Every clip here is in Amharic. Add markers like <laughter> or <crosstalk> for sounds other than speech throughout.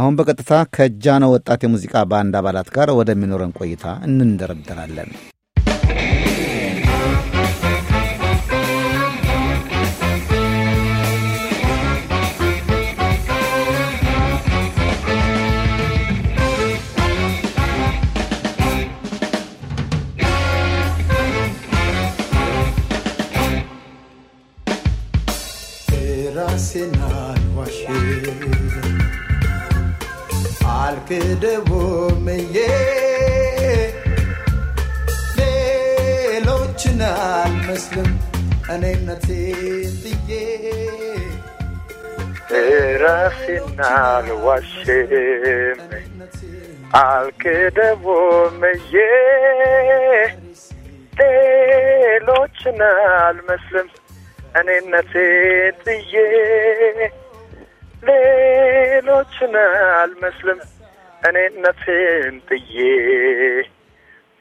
አሁን በቀጥታ ከጃኖ ወጣት የሙዚቃ ባንድ አባላት ጋር ወደሚኖረን ቆይታ እንንደረደራለን። ደቦመዬ ሌሎችን አልመስልም እኔነቴን ብዬ አልዋሽም አልክደቦመዬ ሌሎችን አልመስልም እኔነቴን ብዬ ሌሎችን አልመስልም እኔ ነፍሴን ጥዬ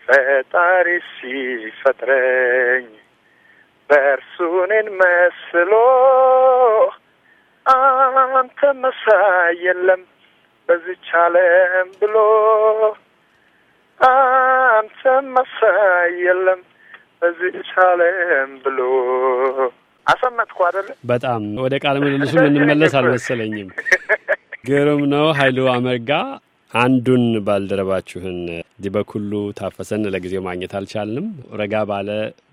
ፈጣሪ ሲፈጥረኝ በእርሱ እኔን መስሎ አንተ መሳይ የለም በዚች ዓለም ብሎ አንተ መሳይ የለም በዚች ዓለም ብሎ አሰመጥኩ አደለ? በጣም ወደ ቃለ ምልልሱ የምንመለስ አልመሰለኝም። <laughs> ግሩም ነው። ኃይሉ አመርጋ አንዱን ባልደረባችሁን ዲበኩሉ ታፈሰን ለጊዜው ማግኘት አልቻልንም። ረጋ ባለ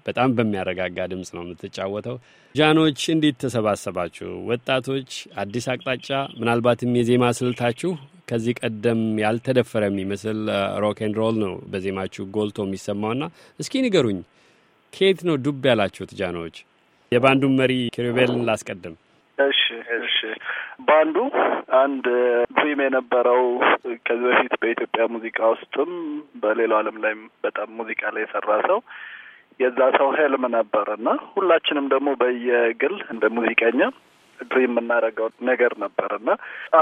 በጣም በሚያረጋጋ ድምፅ ነው የምትጫወተው። ጃኖች እንዴት ተሰባሰባችሁ? ወጣቶች፣ አዲስ አቅጣጫ፣ ምናልባትም የዜማ ስልታችሁ ከዚህ ቀደም ያልተደፈረ የሚመስል ሮክ ኤንድ ሮል ነው በዜማችሁ ጎልቶ የሚሰማውና እስኪ ንገሩኝ፣ ከየት ነው ዱብ ያላችሁት ጃኖች? የባንዱን መሪ ኪሩቤልን ላስቀድም። እሺ ባንዱ አንድ ድሪም የነበረው ከዚህ በፊት በኢትዮጵያ ሙዚቃ ውስጥም በሌላው ዓለም ላይም በጣም ሙዚቃ ላይ የሰራ ሰው የዛ ሰው ህልም ነበር እና ሁላችንም ደግሞ በየግል እንደ ሙዚቀኛ የምናደርገው ነገር ነበር እና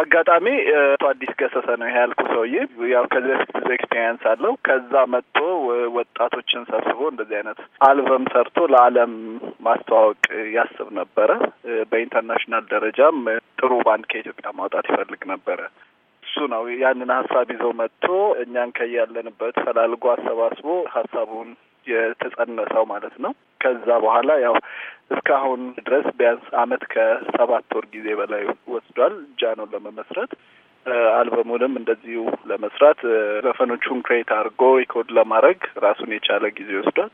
አጋጣሚ አቶ አዲስ ገሰሰ ነው ይሄ ያልኩ ሰውዬ ያው ከዚህ በፊት ብዙ ኤክስፔሪንስ አለው። ከዛ መጥቶ ወጣቶችን ሰብስቦ እንደዚህ አይነት አልበም ሰርቶ ለዓለም ማስተዋወቅ ያስብ ነበረ። በኢንተርናሽናል ደረጃም ጥሩ ባንድ ከኢትዮጵያ ማውጣት ይፈልግ ነበረ። እሱ ነው ያንን ሀሳብ ይዘው መጥቶ እኛን ከያለንበት ፈላልጎ አሰባስቦ ሀሳቡን የተጸነሰው ማለት ነው። ከዛ በኋላ ያው እስካሁን ድረስ ቢያንስ አመት ከሰባት ወር ጊዜ በላይ ወስዷል ጃኖን ለመመስረት አልበሙንም እንደዚሁ ለመስራት ዘፈኖቹን ክሬት አድርጎ ሪኮርድ ለማድረግ ራሱን የቻለ ጊዜ ወስዷል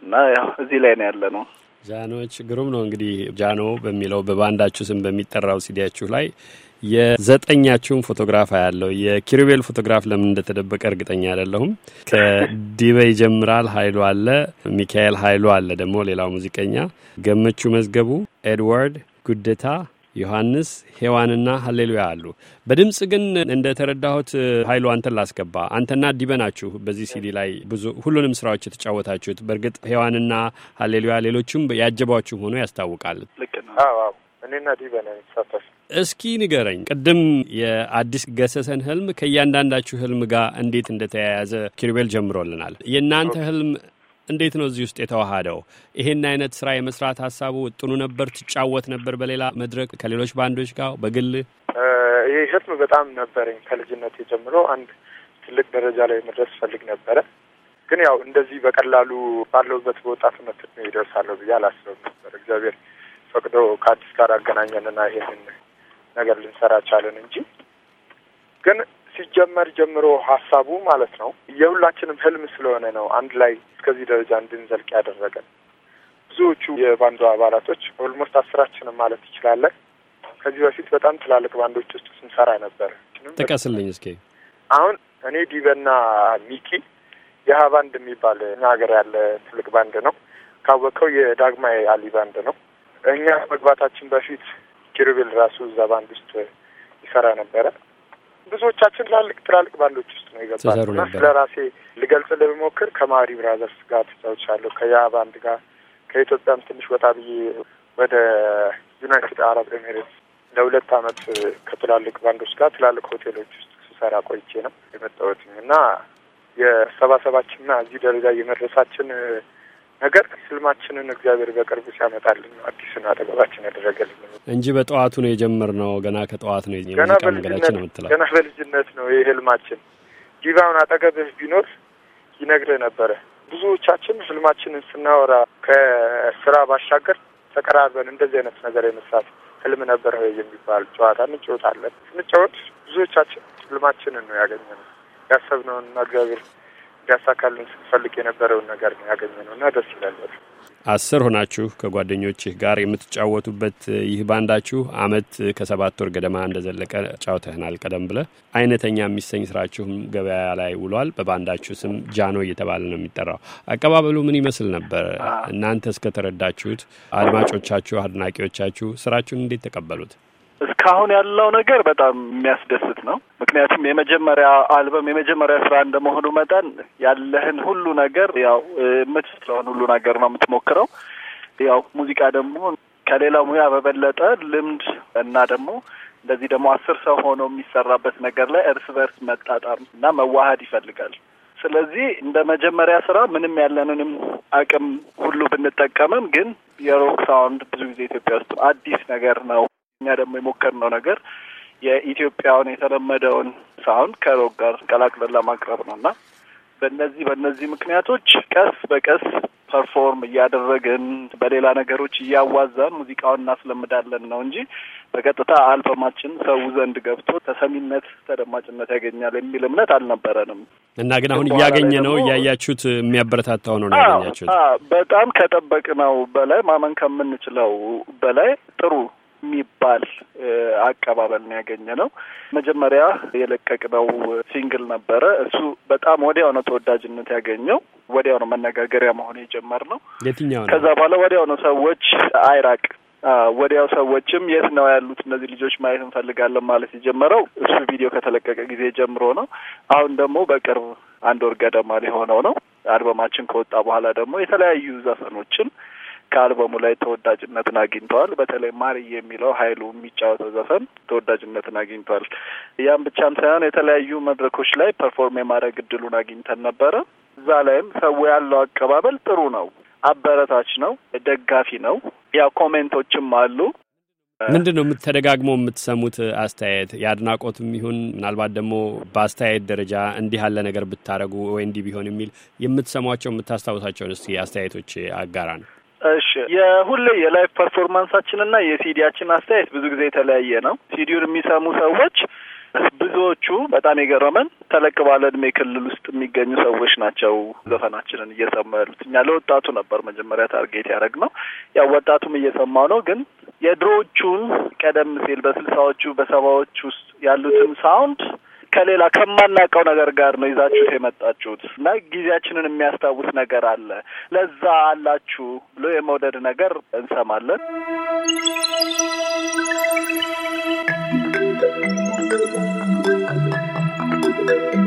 እና ያው እዚህ ላይ ነው ያለ ነው። ጃኖች ግሩም ነው እንግዲህ ጃኖ በሚለው በባንዳችሁ ስም በሚጠራው ሲዲያችሁ ላይ የዘጠኛችሁን ፎቶግራፍ ያለው የኪሩቤል ፎቶግራፍ ለምን እንደተደበቀ እርግጠኛ አይደለሁም። ከዲበይ ጀምራል ሀይሉ አለ፣ ሚካኤል ሀይሉ አለ፣ ደግሞ ሌላው ሙዚቀኛ ገመቹ መዝገቡ፣ ኤድዋርድ ጉደታ ዮሐንስ ሔዋንና ሀሌሉያ አሉ። በድምፅ ግን እንደ ተረዳሁት ኃይሉ አንተን ላስገባ። አንተና ዲበ ናችሁ በዚህ ሲዲ ላይ ብዙ ሁሉንም ስራዎች የተጫወታችሁት። በእርግጥ ሔዋንና ሀሌሉያ ሌሎችም ያጀቧችሁ ሆኖ ያስታውቃል። ልክ ነው። እኔና ዲበ ነው እስኪ ንገረኝ፣ ቅድም የአዲስ ገሰሰን ህልም ከእያንዳንዳችሁ ህልም ጋር እንዴት እንደተያያዘ ኪሩቤል ጀምሮልናል። የእናንተ ህልም እንዴት ነው እዚህ ውስጥ የተዋሃደው? ይሄን አይነት ስራ የመስራት ሀሳቡ ውጥኑ ነበር? ትጫወት ነበር በሌላ መድረክ ከሌሎች ባንዶች ጋር በግል? ይህ ህልም በጣም ነበረኝ ከልጅነት ጀምሮ አንድ ትልቅ ደረጃ ላይ መድረስ ፈልግ ነበረ። ግን ያው እንደዚህ በቀላሉ ባለውበት በወጣትነት እድሜ ይደርሳለሁ ብዬ አላስብም ነበር። እግዚአብሔር ፈቅዶ ከአዲስ ጋር አገናኘንና ይሄንን ነገር ልንሰራ ቻለን እንጂ ግን ሲጀመር ጀምሮ ሀሳቡ ማለት ነው የሁላችንም ህልም ስለሆነ ነው አንድ ላይ እስከዚህ ደረጃ እንድንዘልቅ ያደረገን። ብዙዎቹ የባንዱ አባላቶች ኦልሞስት አስራችንም ማለት ይችላለን ከዚህ በፊት በጣም ትላልቅ ባንዶች ውስጥ ስንሰራ ነበር። ጥቀስልኝ እስኪ። አሁን እኔ ዲበና ሚኪ የሀ ባንድ የሚባል ሀገር ያለ ትልቅ ባንድ ነው። ካወቀው የዳግማ አሊ ባንድ ነው። እኛ መግባታችን በፊት ኪሩቤል ራሱ እዛ ባንድ ውስጥ ይሰራ ነበረ። ብዙዎቻችን ትላልቅ ትላልቅ ባንዶች ውስጥ ነው የገባና ስለ ራሴ ልገልጽ ልብሞክር ከማሪ ብራዘርስ ጋር ተጫውቻለሁ፣ ከያ ባንድ ጋር ከኢትዮጵያም ትንሽ ወጣ ብዬ ወደ ዩናይትድ አረብ ኤሚሬትስ ለሁለት አመት ከትላልቅ ባንዶች ጋር ትላልቅ ሆቴሎች ውስጥ ስሰራ ቆይቼ ነው የመጣሁትኝ እና የሰባሰባችንና እዚህ ደረጃ የመድረሳችን ነገር ስልማችንን እግዚአብሔር በቅርቡ ሲያመጣልን አዲሱን አደባባችን ያደረገልን እንጂ በጠዋቱ ነው የጀመርነው። ገና ከጠዋት ነው ገና በልጅነት ገና በልጅነት ነው ይህ ህልማችን። ዲቫውን አጠገብህ ቢኖር ይነግርህ ነበረ። ብዙዎቻችን ህልማችንን ስናወራ ከስራ ባሻገር ተቀራርበን እንደዚህ አይነት ነገር የመስራት ህልም ነበረ ወይ የሚባል ጨዋታ እንጫወታለን። ስንጫወት ብዙዎቻችን ህልማችንን ነው ያገኘነው ያሰብነውን እግዚአብሔር ሊያሳካልን ስንፈልግ የነበረውን ነገር ነው እና ደስ ይላል። አስር ሆናችሁ ከጓደኞችህ ጋር የምትጫወቱበት ይህ ባንዳችሁ አመት ከሰባት ወር ገደማ እንደዘለቀ ጫውተህናል። ቀደም ብለህ አይነተኛ የሚሰኝ ስራችሁም ገበያ ላይ ውሏል። በባንዳችሁ ስም ጃኖ እየተባለ ነው የሚጠራው። አቀባበሉ ምን ይመስል ነበር? እናንተ እስከተረዳችሁት አድማጮቻችሁ፣ አድናቂዎቻችሁ ስራችሁን እንዴት ተቀበሉት? እስካሁን ያለው ነገር በጣም የሚያስደስት ነው። ምክንያቱም የመጀመሪያ አልበም የመጀመሪያ ስራ እንደመሆኑ መጠን ያለህን ሁሉ ነገር ያው የምትችለውን ሁሉ ነገር ነው የምትሞክረው። ያው ሙዚቃ ደግሞ ከሌላ ሙያ በበለጠ ልምድ እና ደግሞ እንደዚህ ደግሞ አስር ሰው ሆኖ የሚሰራበት ነገር ላይ እርስ በርስ መጣጣም እና መዋሀድ ይፈልጋል። ስለዚህ እንደ መጀመሪያ ስራ ምንም ያለንንም አቅም ሁሉ ብንጠቀምም ግን የሮክ ሳውንድ ብዙ ጊዜ ኢትዮጵያ ውስጥ አዲስ ነገር ነው እኛ ደግሞ የሞከርነው ነገር የኢትዮጵያውን የተለመደውን ሳሁን ከሮክ ጋር ቀላቅለን ለማቅረብ ነው እና በእነዚህ በእነዚህ ምክንያቶች ቀስ በቀስ ፐርፎርም እያደረግን በሌላ ነገሮች እያዋዛን ሙዚቃውን እናስለምዳለን ነው እንጂ በቀጥታ አልበማችን ሰው ዘንድ ገብቶ ተሰሚነት፣ ተደማጭነት ያገኛል የሚል እምነት አልነበረንም እና ግን አሁን እያገኘ ነው። እያያችሁት የሚያበረታታው ነው ያገኛችሁት። በጣም ከጠበቅነው በላይ ማመን ከምንችለው በላይ ጥሩ የሚባል አቀባበል ነው ያገኘ ነው። መጀመሪያ የለቀቅነው ሲንግል ነበረ። እሱ በጣም ወዲያው ነው ተወዳጅነት ያገኘው። ወዲያው ነው መነጋገሪያ መሆን የጀመርነው። የትኛው ነው? ከዛ በኋላ ወዲያው ነው ሰዎች አይራቅ ወዲያው ሰዎችም የት ነው ያሉት እነዚህ ልጆች ማየት እንፈልጋለን ማለት የጀመረው እሱ ቪዲዮ ከተለቀቀ ጊዜ ጀምሮ ነው። አሁን ደግሞ በቅርብ አንድ ወር ገደማ ሊሆነው ነው። አልበማችን ከወጣ በኋላ ደግሞ የተለያዩ ዘፈኖችን ከአልበሙ ላይ ተወዳጅነትን አግኝተዋል። በተለይ ማሪ የሚለው ሀይሉ የሚጫወተው ዘፈን ተወዳጅነትን አግኝቷል። ያም ብቻም ሳይሆን የተለያዩ መድረኮች ላይ ፐርፎርም የማድረግ እድሉን አግኝተን ነበረ። እዛ ላይም ሰው ያለው አቀባበል ጥሩ ነው፣ አበረታች ነው፣ ደጋፊ ነው። ያ ኮሜንቶችም አሉ። ምንድን ነው ተደጋግሞ የምትሰሙት አስተያየት የአድናቆትም ይሁን ምናልባት ደግሞ በአስተያየት ደረጃ እንዲህ ያለ ነገር ብታደረጉ ወይ እንዲህ ቢሆን የሚል የምትሰሟቸው የምታስታውሳቸውን እስቲ አስተያየቶች አጋራ ነው። እሺ የሁሌ የላይቭ ፐርፎርማንሳችንና የሲዲያችን አስተያየት ብዙ ጊዜ የተለያየ ነው። ሲዲውን የሚሰሙ ሰዎች ብዙዎቹ በጣም የገረመን ተለቅ ባለ እድሜ ክልል ውስጥ የሚገኙ ሰዎች ናቸው ዘፈናችንን እየሰማ ያሉት። እኛ ለወጣቱ ነበር መጀመሪያ ታርጌት ያደረግ ነው። ያው ወጣቱም እየሰማው ነው፣ ግን የድሮዎቹን ቀደም ሲል በስልሳዎቹ በሰባዎች ውስጥ ያሉትን ሳውንድ ከሌላ ከማናውቀው ነገር ጋር ነው ይዛችሁት የመጣችሁት እና ጊዜያችንን የሚያስታውስ ነገር አለ። ለዛ አላችሁ ብሎ የመውደድ ነገር እንሰማለን። Thank you.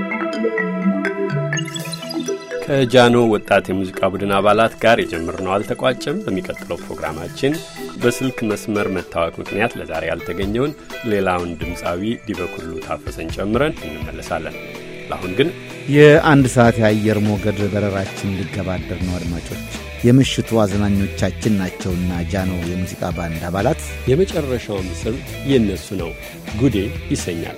ከጃኖ ወጣት የሙዚቃ ቡድን አባላት ጋር የጀመርነው አልተቋጨም። በሚቀጥለው ፕሮግራማችን በስልክ መስመር መታወቅ ምክንያት ለዛሬ ያልተገኘውን ሌላውን ድምፃዊ ዲበኩሉ ታፈሰን ጨምረን እንመለሳለን። ለአሁን ግን የአንድ ሰዓት የአየር ሞገድ በረራችን ሊገባደር ነው። አድማጮች የምሽቱ አዝናኞቻችን ናቸውና ጃኖ የሙዚቃ ባንድ አባላት የመጨረሻው ምስል የእነሱ ነው፣ ጉዴ ይሰኛል።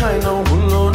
I know who knows.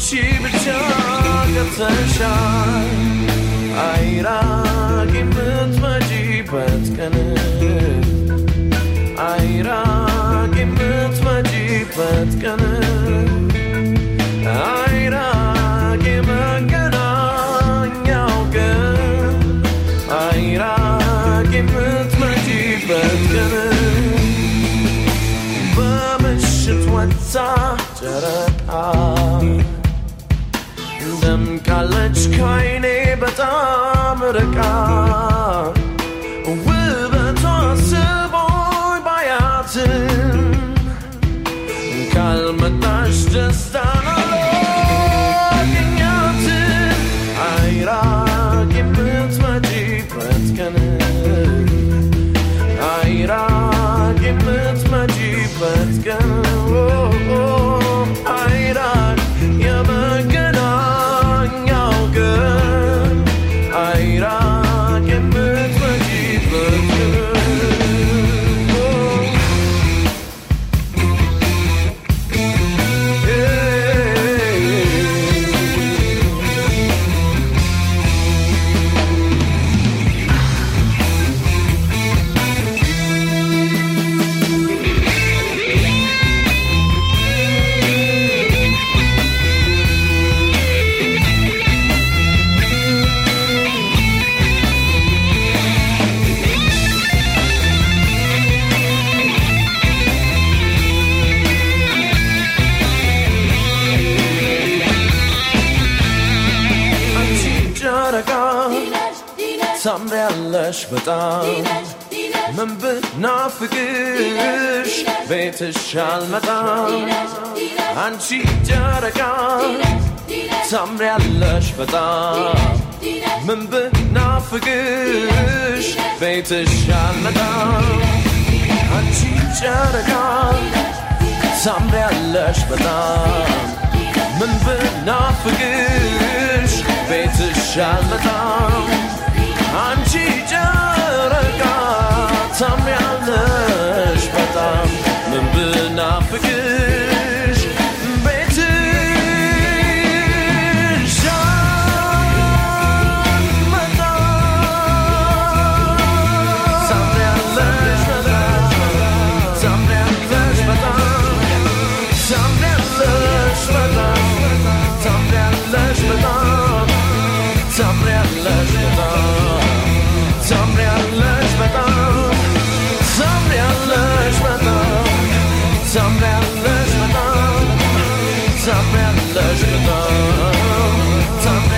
ብቻ ገብተሻል አይራቅ የምትመጪበት ቀን አይራቅ የምትመጪበት ቀን አይራቅ የመገናኛው ቀን አይራቅ የምትመጪበት ቀን በምሽት ወጥታ ጨረር አለች ከአይኔ በጣም ርቃ ውበቷ ስቦኝ ባያትም ካልመጣች ደስታ ናፍቀሽ በጣም ምን ብናፍቅሽ ቤትሽ አልመጣም አንቺ ጨረቃ ታምሪያለሽ በጣም ምን ብናፍቅሽ ቤትሽ አልመጣም አንቺ ጨረቃ ታምሪያለሽ በጣም ምን ብናፍቅሽ ቤትሽ አልመጣም Time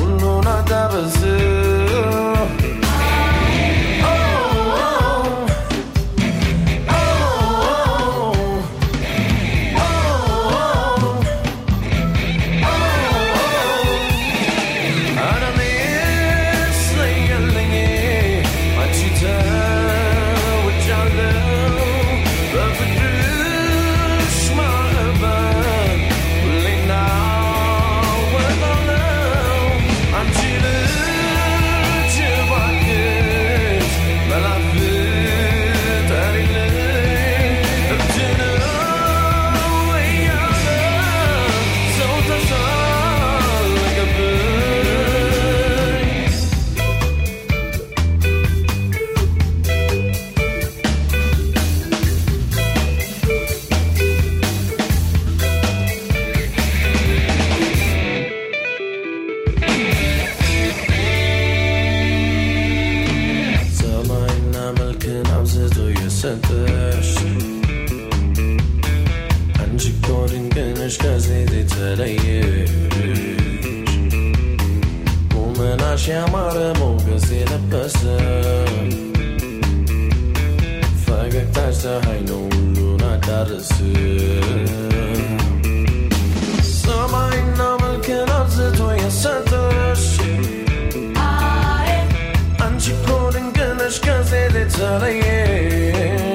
çıkıyordun güneş gözleri tereyir Bunun aşamarım o gözüyle pısır Fakat aynı uğruna karısı Zamayın namıl kenarsı toya satış Çıkıyordun güneş